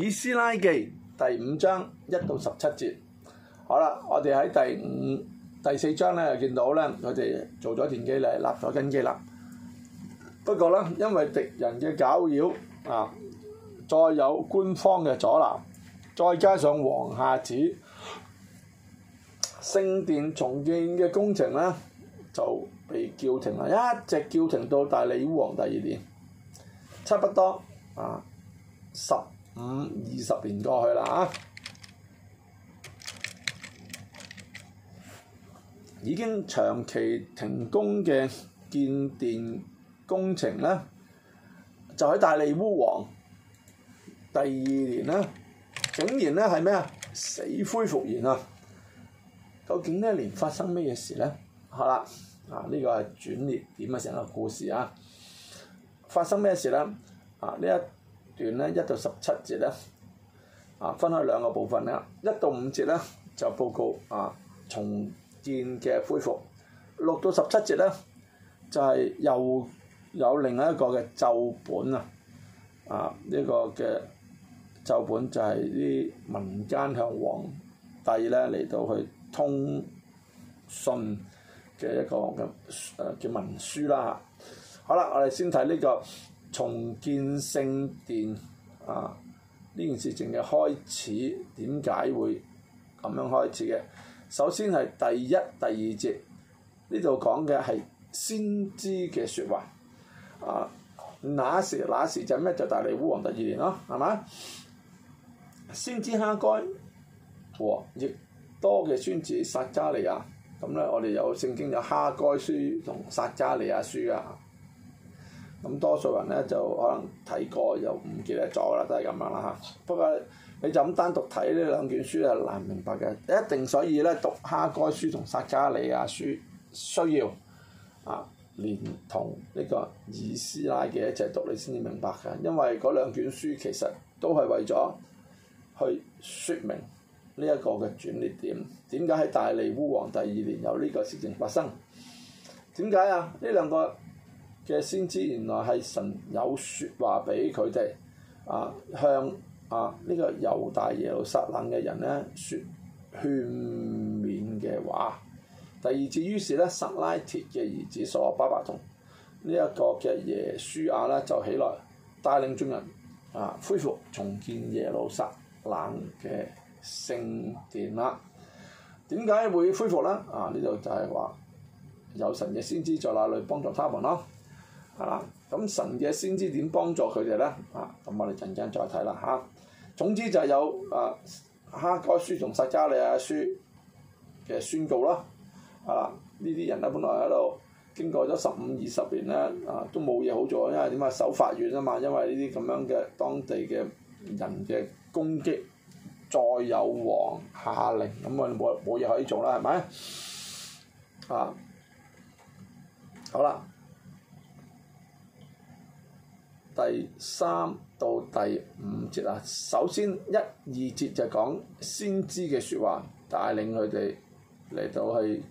以斯拉記第五章一到十七節，好啦，我哋喺第五第四章咧，就見到咧，佢哋做咗田基嚟，立咗根基啦。不過咧，因為敵人嘅攪擾啊，再有官方嘅阻攔，再加上王下旨聖殿重建嘅工程咧，就被叫停啦，一直叫停到大利王第二年，差不多啊十。五二十年過去啦啊，已經長期停工嘅建殿工程咧，就喺大利烏王第二年咧，竟然咧係咩啊，死灰復燃啊？究竟呢一年發生咩事咧？好啦，啊呢、啊這個係轉捩點嘅成個故事啊！發生咩事咧？啊呢一段咧一到十七節咧，啊，分開兩個部分咧，一到五節咧就報告啊重建嘅恢復，六到十七節咧就係又有另一個嘅奏本啊，啊、這、呢個嘅奏本就係啲民間向皇帝咧嚟到去通信嘅一個嘅誒叫文書啦嚇。好啦，我哋先睇呢、這個。重建聖殿啊！呢件事淨係開始，點解會咁樣開始嘅？首先係第一、第二節呢度講嘅係先知嘅説話啊！那時那時就咩？就大利烏王第二年咯，係嘛？先知哈該和亦多嘅孫子撒迦利亞，咁咧我哋有聖經有哈該書同撒迦利亞書啊。咁多數人咧就可能睇過又唔記得咗啦，都係咁樣啦嚇。不過你就咁單獨睇呢兩卷書啊，難明白嘅。一定所以咧讀哈該書同撒迦利亞書需要啊，連同呢個以斯拉嘅一齊讀你先至明白㗎。因為嗰兩卷書其實都係為咗去説明呢一個嘅轉捩點，點解喺大利烏王第二年有呢個事情發生？點解啊？呢兩個嘅先知原來係神有説話俾佢哋，啊向啊呢、這個猶大耶路撒冷嘅人咧説勸勉嘅話。第二節於是咧撒拉鐵嘅兒子所巴伯同呢一個嘅耶書亞咧就起來帶領眾人啊恢復重建耶路撒冷嘅聖殿啦。點解會恢復咧？啊呢度就係話有神嘅先知在那裡幫助他們咯。係啦，咁 神嘅先知點幫助佢哋咧？啊，咁我哋陣間再睇啦嚇。總之就係有啊哈該書同撒迦利亞書嘅宣告啦。啊，呢啲人咧本來喺度經過咗十五二十年咧，啊都冇嘢好做，因為點啊守法院啊嘛，因為呢啲咁樣嘅當地嘅人嘅攻擊，再有王下令，咁啊冇冇嘢可以做啦，係咪？啊，好啦。第三到第五節啊，首先一二節就係講先知嘅説話，帶領佢哋嚟到去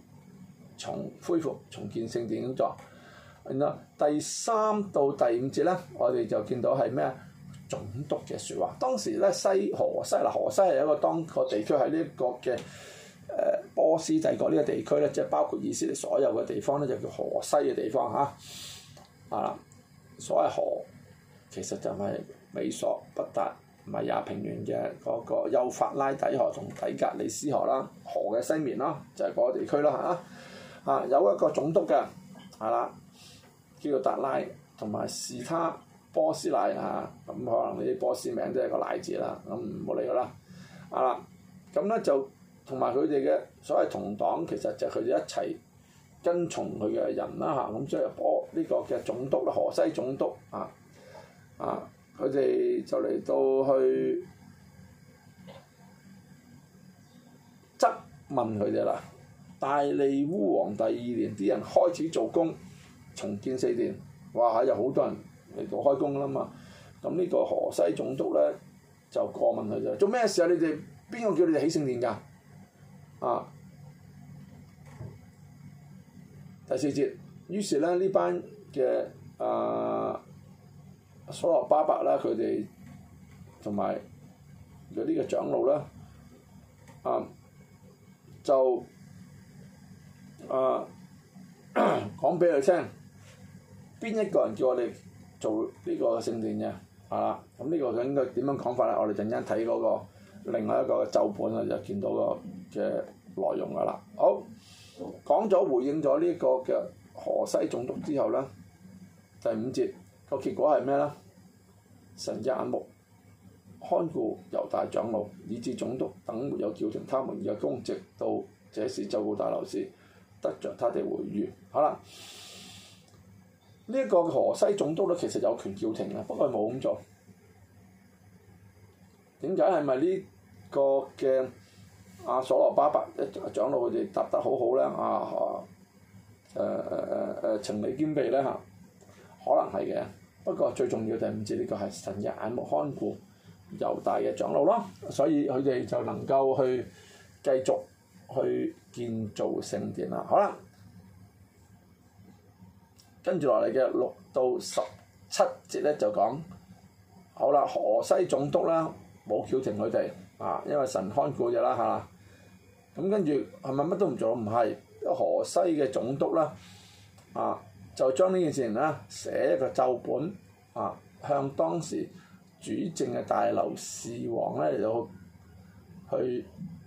重恢復重建聖殿工作。然後第三到第五節咧，我哋就見到係咩啊？總督嘅説話。當時咧，西河西嗱，河西係一個當個地區係呢個嘅誒波斯帝國呢個地區咧，即係包括以色列所有嘅地方咧，就叫河西嘅地方嚇啊！所謂河。其實就係美索不達米亞平原嘅嗰、那個幼發拉底河同底格里斯河啦，河嘅西面、就是、個啦，就係嗰地區啦嚇啊！有一個總督嘅係啦，叫做達乃同埋示他波斯乃嚇，咁、啊啊、可能你啲波斯名都係個乃字啦，咁唔好理佢啦。啊，咁咧就同埋佢哋嘅所謂同黨，其實就係佢哋一齊跟從佢嘅人啦嚇，咁即係波呢、這個嘅總督啦，河西總督啊。啊！佢哋就嚟到去質問佢哋啦。大利烏王第二年，啲人開始做工重建四殿，哇！有好多人嚟到開工㗎啦嘛。咁呢個河西總督咧就過問佢就：「做咩事啊？你哋邊個叫你哋起聖殿㗎？」啊！第四節，於是咧呢班嘅啊～、呃所羅巴伯啦，佢哋同埋有呢個長老啦，啊，就啊講俾佢哋聽，邊 一個人叫我哋做呢個聖殿嘅？係啦，咁呢個應該點樣講法咧？我哋陣間睇嗰個另外一個奏本啊，就見到個嘅內容噶啦。好，講咗回應咗呢個嘅河西總督之後啦，第五節。個結果係咩咧？神眼目看顧猶大長老，以致總督等沒有叫停他們嘅公職，到這事奏告大流士得着。他哋回諭。好啦，呢、這、一個河西總督咧，其實有權叫停嘅，不過冇咁做。點解？係咪呢個嘅阿所羅巴伯一長老佢哋答得好好咧？啊啊誒誒誒情理兼備咧嚇，可能係嘅。不過最重要就係第五節呢個係神嘅眼目看顧猶大嘅長老咯，所以佢哋就能夠去繼續去建造聖殿啦。好啦，跟住落嚟嘅六到十七節咧就講，好啦，河西總督啦冇叫停佢哋啊，因為神看顧嘅啦嚇，咁跟住係咪乜都唔做？唔係，因為河西嘅總督啦啊。就將呢件事情咧寫一個奏本啊，向當時主政嘅大流士王咧嚟到去誒、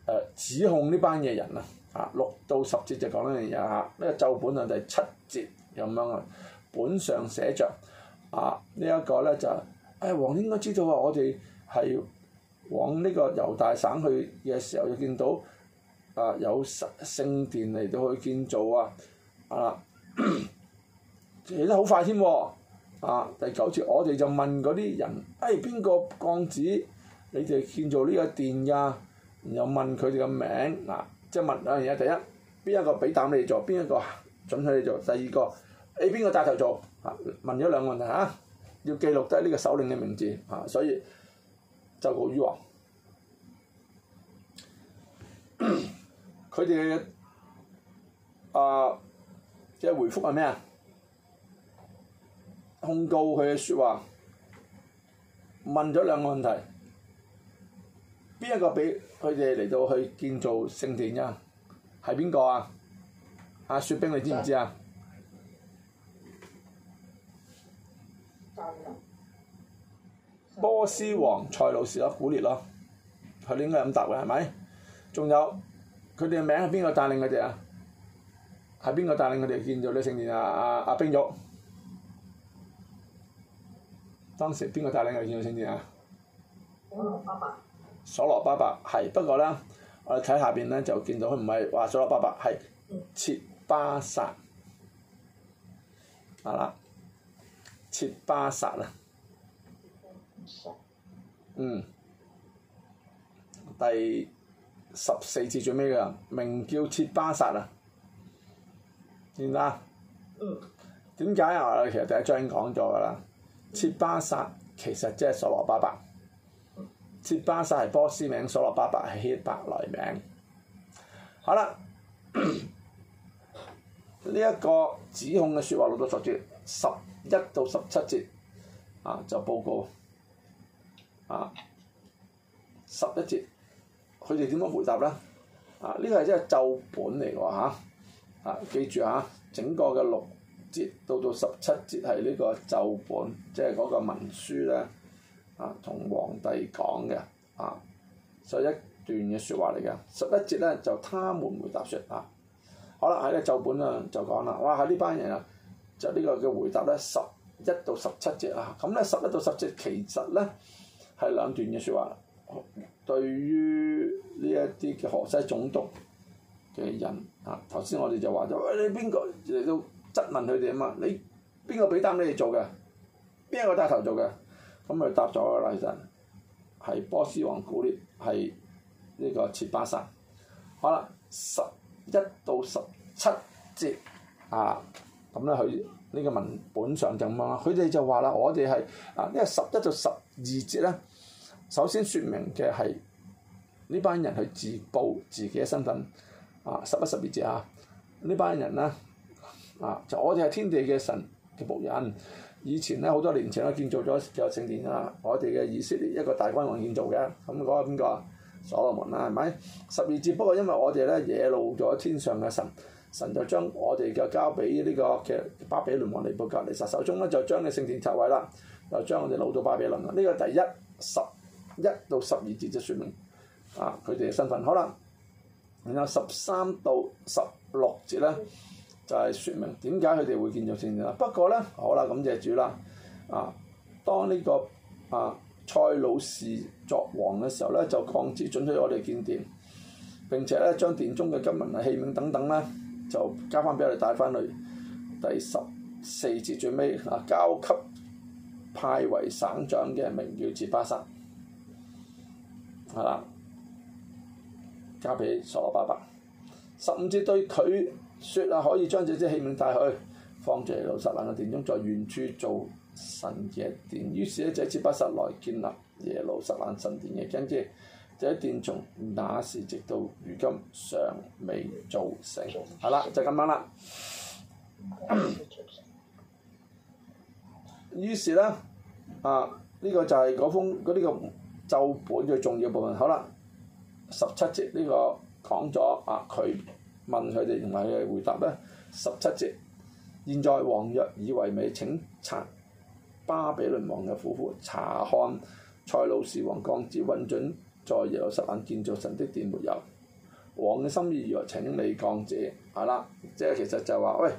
呃、指控呢班嘅人啊啊，六到十節就講呢樣嘢啊。呢個奏本啊第七節咁樣啊，本上寫着。啊、這個、呢一個咧就誒、哎、王應該知道啊，我哋係往呢個猶大省去嘅時候就見到啊有聖殿嚟到去建造啊啊。 起得好快添、哦，啊！第九次我哋就問嗰啲人，誒、哎、邊個降旨，你哋建造呢個殿噶？然後問佢哋嘅名，嗱、啊，即係問兩樣嘢，第一，邊一個俾膽你做，邊一個準許你做？第二個，誒、哎、邊個帶頭做？嚇、啊，問咗兩個問題嚇、啊，要記錄低呢個首領嘅名字，嚇、啊，所以就告於王，佢哋 啊，即、就、係、是、回覆係咩啊？控告佢嘅説話，問咗兩個問題，邊一個畀佢哋嚟到去建造聖殿呀？係邊個啊？阿、啊、雪冰，你知唔知啊？波斯王塞魯士咯、啊，古列咯，佢哋應該係咁答嘅係咪？仲有佢哋嘅名係邊個帶領佢哋啊？係邊個帶領佢哋建造呢聖殿啊？阿阿冰玉。當時邊個帶領嘅？見到先知啊！索羅巴伯。索羅巴伯係，不過咧，我哋睇下面咧就見到佢唔係話索羅巴伯係、嗯、切巴薩，係、嗯、啦，切巴薩啊。嗯。第十四節最尾嘅名叫切巴薩啊，見唔見到？點解啊？其實第一章已經講咗㗎啦。設巴薩其實即係所羅巴伯，設巴薩係波斯名，所羅巴伯係希伯來名。好啦，呢一、這個指控嘅説話六到十節，十一到十七節，啊就報告，啊十一節，佢哋點樣回答啦？啊呢、這個係即係就本嚟㗎嚇，啊，啊記住嚇、啊、整個嘅六。節到到十七節係呢個奏本，即係嗰個文書咧，啊，同皇帝講嘅，啊，十一段嘅説話嚟嘅。十一節咧就他們回答説啊，好啦喺呢個奏本啊就講啦，哇係呢班人啊，就呢個嘅回答咧十一到十七節啊，咁咧十一到十七節其實咧係兩段嘅説話，對於呢一啲嘅河西總督嘅人啊，頭先我哋就話咗喂，你邊個嚟到。質問佢哋啊嘛，你邊個俾單你哋做嘅？邊一個帶頭做嘅？咁佢答咗啦，其實係波斯王古列，係呢個切巴薩。好啦，十一到十七節啊，咁咧佢呢個文本上就咁啦。佢哋就話啦，我哋係啊，因為十一到十二節咧，首先説明嘅係呢班人佢自報自己嘅身份啊。十一十二節啊，呢班人咧。啊！就我哋係天地嘅神嘅僕人。以前咧，好多年前我建造咗有聖殿啊。我哋嘅以色列一個大君王建造嘅。咁講邊個？所羅門啦，係咪？十二節，不過因為我哋咧惹怒咗天上嘅神，神就將我哋就交俾呢、這個嘅巴比倫王尼布甲尼撒手中咧，就將個聖殿拆毀啦，就將我哋流到巴比倫啦。呢個第一十一到十二節就説明啊佢哋嘅身份。好啦，然後十三到十六節咧。就係説明點解佢哋會建造聖殿。不過咧，好啦，感謝主啦。啊，當呢、這個啊塞魯士作王嘅時候咧，就降旨准許我哋建殿。並且咧，將殿中嘅金銀、啊、器皿等等咧，就交翻俾我哋帶翻去。第十四節最尾啊，啊，交給派為省長嘅名叫設巴薩，係啦，交俾所羅巴伯。十五節對佢。說啊，可以將這隻器皿帶去，放住耶路撒冷嘅殿中，在原處做神嘅殿。於是呢，這次不實來建立耶路撒冷神殿嘅。跟住，這殿從那時直到如今尚未造成。係啦、嗯，就咁樣啦。於是呢，啊，呢、這個就係嗰封嗰呢個奏本嘅重要部分。好啦，十七節呢個講咗啊，佢。問佢哋同埋佢哋回答啦，十七節。現在王若以為美，請查巴比倫王嘅府庫，查看塞魯士王降旨允准在耶路撒冷建造神的殿沒有。王嘅心意如何，請你降旨，係啦，即係其實就話喂，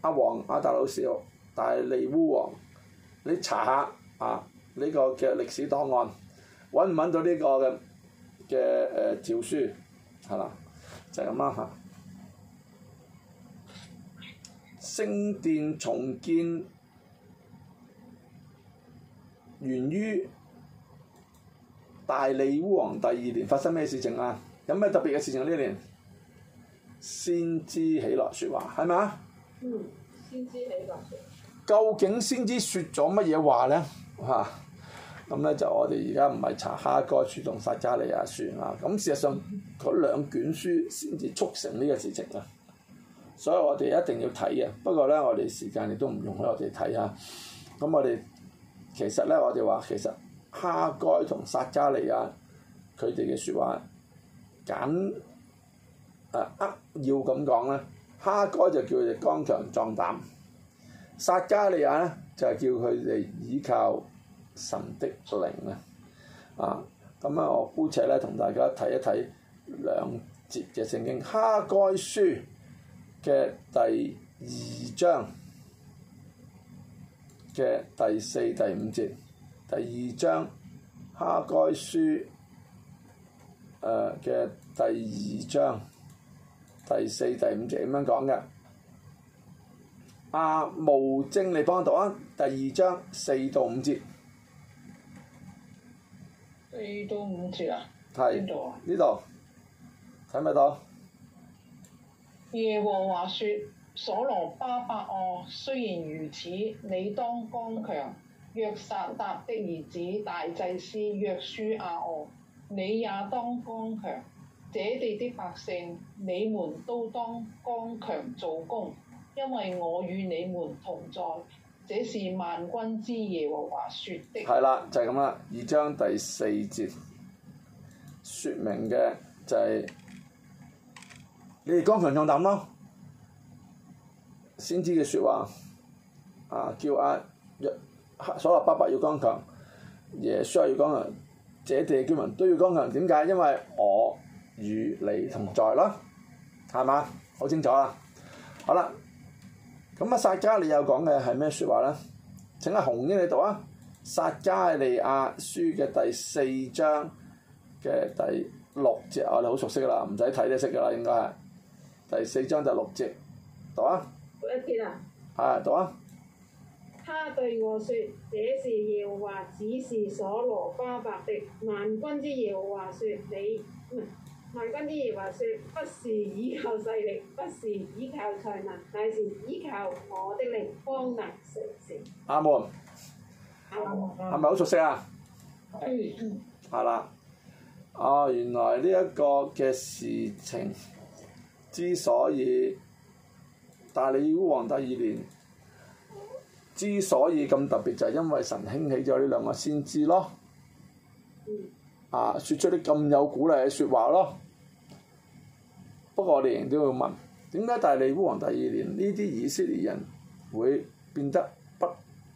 阿、啊、王阿塞魯士大利烏王，你查下啊呢、這個嘅歷史檔案，揾唔揾到呢個嘅嘅誒詔書，係啦，就咁啦嚇。啊聖殿重建源於大利烏王第二年發生咩事情啊？有咩特別嘅事情呢年？先知起來說話，係咪？嗯，先知起來。究竟先知說咗乜嘢話咧？吓，咁咧就我哋而家唔係查哈《哈該書》同《撒迦利亞書》啊，咁事實上嗰兩卷書先至促成呢個事情啊。所以我哋一定要睇嘅，不過咧，我哋時間亦都唔容許我哋睇下。咁、嗯、我哋其實咧，我哋話其實哈該同撒迦利亞佢哋嘅説話簡呃扼要咁講咧，哈該就叫佢哋剛強壯膽，撒迦利亞咧就係叫佢哋倚靠神的靈啊。啊，咁、嗯、啊，我姑且咧同大家睇一睇兩節嘅聖經《哈該書》。嘅第二章嘅第四、第五節，第二章哈該書誒嘅第二章第四、第五節咁樣講嘅。阿無精，你幫我讀啊！第二章四到五節。四到五節啊？係呢度睇唔睇到？耶和華說：所羅巴伯哦，雖然如此，你當剛強；約撒答的兒子大祭司約書亞哦，你也當剛強；這地的百姓，你們都當剛強做工，因為我與你們同在。這是萬軍之耶和華說的。係啦，就係咁啦，二章第四節説明嘅就係、是。你哋剛強壯膽咯，先知嘅説話，啊叫阿若所羅巴伯要剛強，耶書要剛強，這地嘅居民都要剛強。點解？因為我與你同在咯是是，係嘛？好清楚啦。好啦，咁阿撒迦利亞又講嘅係咩説話咧？請阿洪英你讀啊，撒迦利亞書嘅第四章嘅第六節，我哋好熟悉啦，唔使睇都識噶啦，應該係。第四章就六節，讀啊！六一篇啊！係、嗯、讀啊！他對我説：這是耶華指示所羅巴伯的萬軍之耶華説，你唔係萬軍之耶華説，不是依靠勢力，不是依靠才能，乃是依靠我的靈，方能成事。阿門，阿門，係咪好熟悉啊？嗯。係啦，哦，原來呢一個嘅事情。之所以大利烏王第二年之所以咁特別，就係、是、因為神興起咗呢兩個先知咯，啊，説出啲咁有鼓勵嘅説話咯。不過我哋仍都要問：點解大利烏王第二年呢啲以色列人會變得不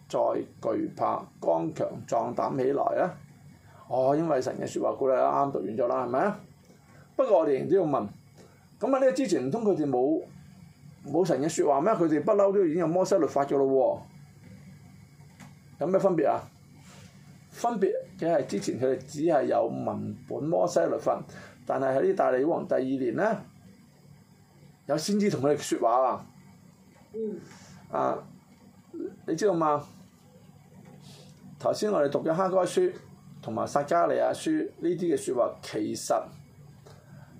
再懼怕、剛強、壯膽起來咧？哦，因為神嘅説話鼓勵啦，啱啱讀完咗啦，係咪啊？不過我哋仍都要問。咁啊！呢個之前唔通佢哋冇冇神嘅説話咩？佢哋不嬲都已經有摩西律法嘅咯喎，有咩分別啊？分別嘅係之前佢哋只係有文本摩西律法，但係喺呢大利王第二年咧，有先知同佢哋説話啊！啊，你知道嗎？頭先我哋讀咗哈該書同埋撒迦利亞書呢啲嘅説話，其實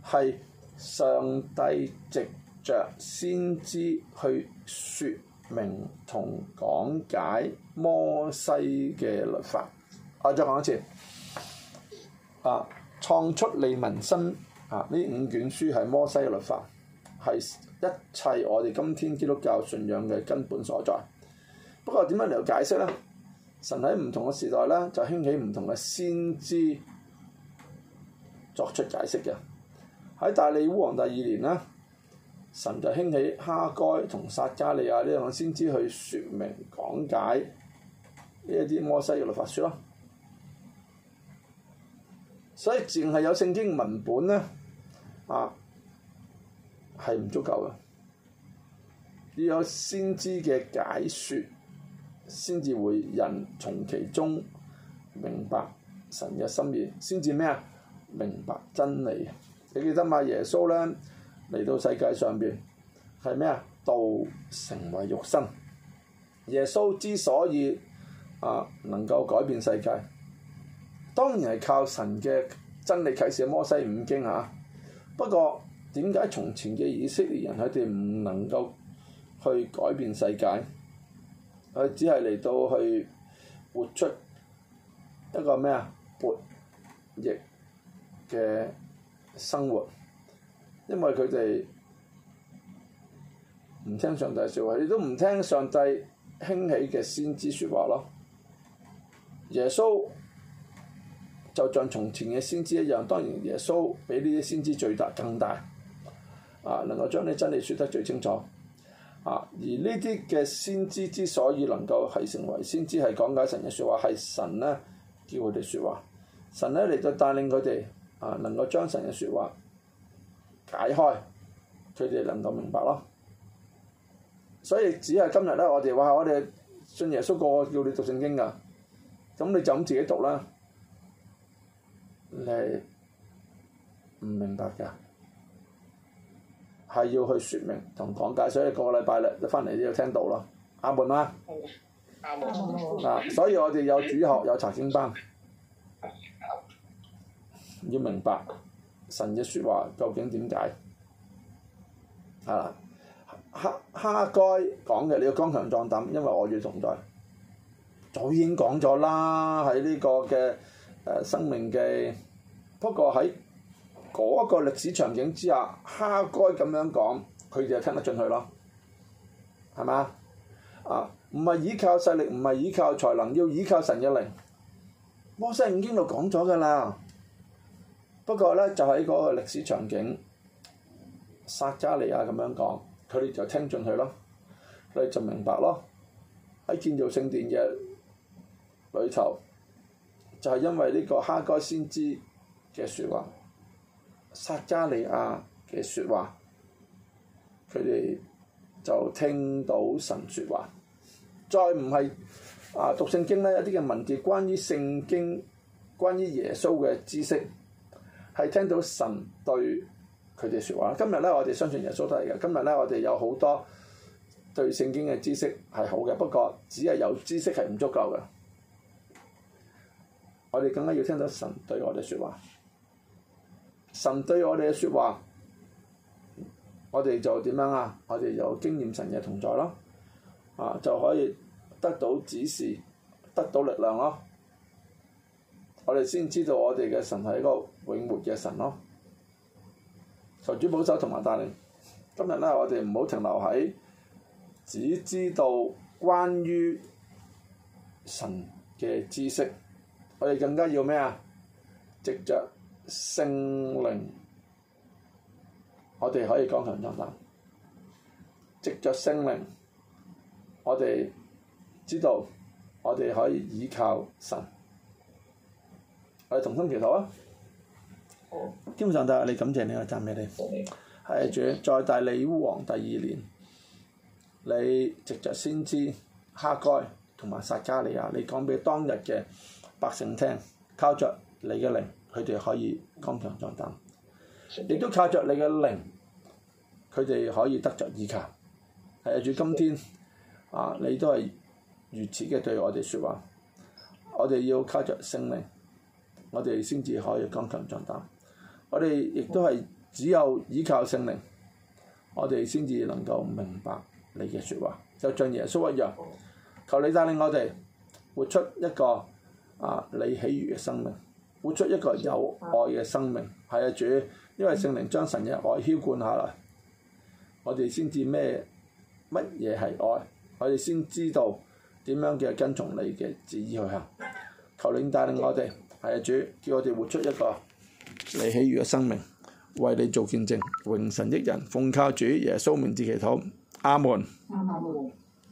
係。上帝藉着先知去説明同講解摩西嘅律法，我、啊、再講一次，啊，創出利民申啊！呢五卷書係摩西嘅律法，係一切我哋今天基督教信仰嘅根本所在。不過點樣嚟解釋呢？神喺唔同嘅時代咧，就興起唔同嘅先知作出解釋嘅。喺大利烏王第二年啦，神就興起哈該同撒迦利亞呢兩先知去説明講解呢一啲摩西嘅律法書咯。所以淨係有聖經文本呢，啊，係唔足夠嘅，要有先知嘅解説，先至會人從其中明白神嘅心意，先至咩啊？明白真理。你記得嘛？耶穌咧嚟到世界上邊係咩啊？道成為肉身。耶穌之所以啊能夠改變世界，當然係靠神嘅真理啟示《摩西五經》嚇、啊。不過點解從前嘅以色列人佢哋唔能夠去改變世界？佢、啊、只係嚟到去活出一個咩啊？悖逆嘅生活，因為佢哋唔聽上帝説話，亦都唔聽上帝興起嘅先知説話咯。耶穌就像從前嘅先知一樣，當然耶穌比呢啲先知最大更大，啊，能夠將你真理説得最清楚，啊，而呢啲嘅先知之所以能夠係成為先知，係講解神嘅説話，係神呢叫佢哋説話，神呢嚟到帶領佢哋。啊，能夠將神嘅説話解開，佢哋能夠明白咯。所以只係今日咧，我哋話我哋信耶穌個，叫你讀聖經㗎，咁你就咁自己讀啦。你唔明白㗎，係要去説明同講解，所以個禮拜日你翻嚟都要聽到咯。阿門啦，啊。阿門。所以我哋有主學，有查經班。要明白神嘅説話究竟點解？啊，哈哈該講嘅，你要剛強壯膽，因為我要同在。早已經講咗啦，喺呢個嘅誒生命嘅。不過喺嗰個歷史場景之下，哈該咁樣講，佢哋就聽得進去咯。係咪啊？啊，唔係倚靠勢力，唔係倚靠才能，要倚靠神嘅靈。摩西已經度講咗㗎啦。不過咧，就喺嗰個歷史場景，撒加利亞咁樣講，佢哋就聽進去咯，佢哋就明白咯。喺建造聖殿嘅裏頭，就係、是、因為呢個哈該先知嘅説話，撒加利亞嘅説話，佢哋就聽到神説話。再唔係啊，讀聖經咧，一啲嘅文字，關於聖經、關於耶穌嘅知識。係聽到神對佢哋説話。今日咧，我哋相信耶穌都係嘅。今日咧，我哋有好多對聖經嘅知識係好嘅，不過只係有知識係唔足夠嘅。我哋更加要聽到神對我哋説話。神對我哋嘅説話，我哋就點樣啊？我哋有經驗神嘅同在咯。啊，就可以得到指示，得到力量咯。我哋先知道我哋嘅神係一個。永活嘅神咯，求主保守同埋帶領。今日咧，我哋唔好停留喺只知道關於神嘅知識，我哋更加要咩啊？藉着聖靈，我哋可以剛強壯膽。藉著聖靈，我哋知道我哋可以倚靠神。我哋同心祈禱啊！天父上帝，你感謝你啊！我讚美你，係 Okay. 主。在大利烏王第二年，你藉着先知哈該同埋撒迦利亞，你講俾當日嘅百姓聽，靠着你嘅靈，佢哋可以剛強壯膽。亦都靠着你嘅靈，佢哋可以得着倚靠。係主，今天啊，你都係如此嘅對我哋説話，我哋要靠着聖靈，我哋先至可以剛強壯膽。我哋亦都係只有依靠聖靈，我哋先至能夠明白你嘅説話。就像耶穌一樣，求你帶領我哋活出一個啊你喜悅嘅生命，活出一個有愛嘅生命。係啊，主，因為聖靈將神嘅愛澆灌下來，我哋先至咩乜嘢係愛，我哋先知道點樣嘅跟從你嘅旨意去行。求你帶領我哋，係啊，主，叫我哋活出一個你喜悅嘅生命，為你做見證。榮神益人，奉靠主耶穌名字祈禱。阿門。阿門。